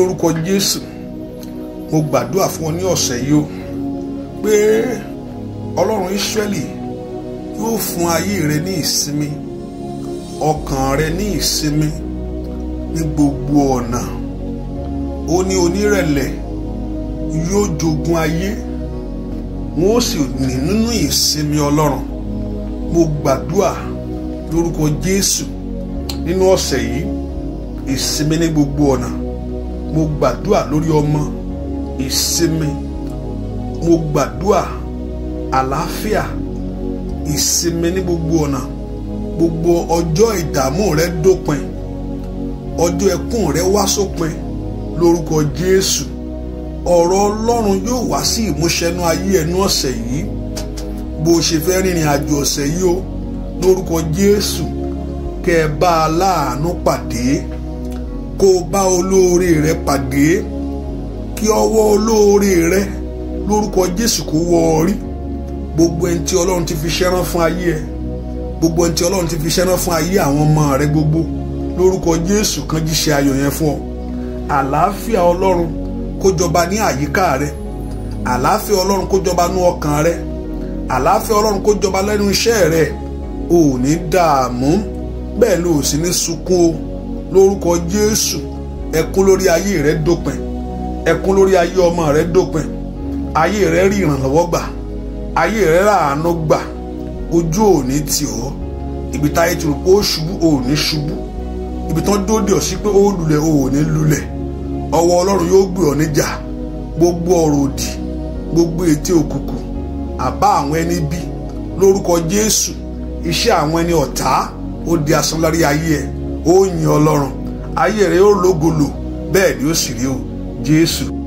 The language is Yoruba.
lórúkọ Jésù mo gbàdúrà fún ọ ní ọ̀sẹ̀ yìí o pé Ọlọ́run Ísírẹ́lì yóò fún ayé rẹ ní ìsinmi ọkàn rẹ ní ìsinmi ní gbogbo ọ̀nà ó ní onírẹ̀lẹ̀ yóò jogun ayé wọn ó sì ní nínú ìsinmi Ọlọ́run mo gbàdúrà lórúkọ Jésù nínú ọ̀sẹ̀ yìí ìsinmi ní gbogbo ọ̀nà mo gbàdúrà lórí ọmọ ìsinmi mo gbàdúrà àlàáfíà ìsinmi ní gbogbo ọ̀nà gbogbo ọjọ́ ìdààmú rẹ dópin ọjọ́ ẹkún rẹ wá sópin lórúkọ Jésù ọ̀rọ̀ Ọlọ́run yóò wá sí ìmúṣẹnú ayé ẹnu ọ̀sẹ̀ yìí bó ṣe fẹ́ rìnrìn àjò ọ̀sẹ̀ yìí o lórúkọ Jésù kẹ́ ẹ bá a láàánú pàdé kó o bá olóore rẹ pàdé kí ọwọ́ olóore rẹ lórúkọ Jésù kó wọ ọ rí gbogbo ẹni tí Ọlọ́run ti fi ṣẹ́rán fún ayé ẹ gbogbo ẹni tí Ọlọ́run ti fi ṣẹ́rán fún ayé àwọn ọmọ rẹ gbogbo lórúkọ Jésù kan jíṣẹ́ ayọ̀ yẹn fún ọ àlàáfíà Ọlọ́run kó jọba ní àyíká rẹ àlàáfíà Ọlọ́run kó jọba ní ọkàn rẹ àlàáfíà Ọlọ́run kò jọba lẹ́nu iṣẹ́ rẹ̀ ò dààmú bẹ́ẹ̀ ló sì ní sunkún o lórúkọ Jésù ẹkún lórí ayé rẹ dópin ẹkún lórí ayé ọmọ rẹ dópin ayé rẹ rí ìrànlọ́wọ́ gbà ayé rẹ láàánú gbà ojú òní tì ọ́ ibi táyé ti rò pé ó ṣubú òní ṣubú ibi tán dóde ọ̀ sí pé ó lulẹ̀ òní lulẹ̀ ọwọ́ Ọlọ́run yóò gbé ọ níjà gbogbo ọ̀rọ̀ òdì gbogbo ète òkùnkùn àbá àwọn ẹni bí lórúkọ Jésù iṣẹ́ àwọn ẹni ọ̀tá ó di asán lárí ayé ẹ̀ ó yin ọlọ́run ayé rẹ̀ ó lógo lò bẹ́ẹ̀ ni ó sì rí o jésù.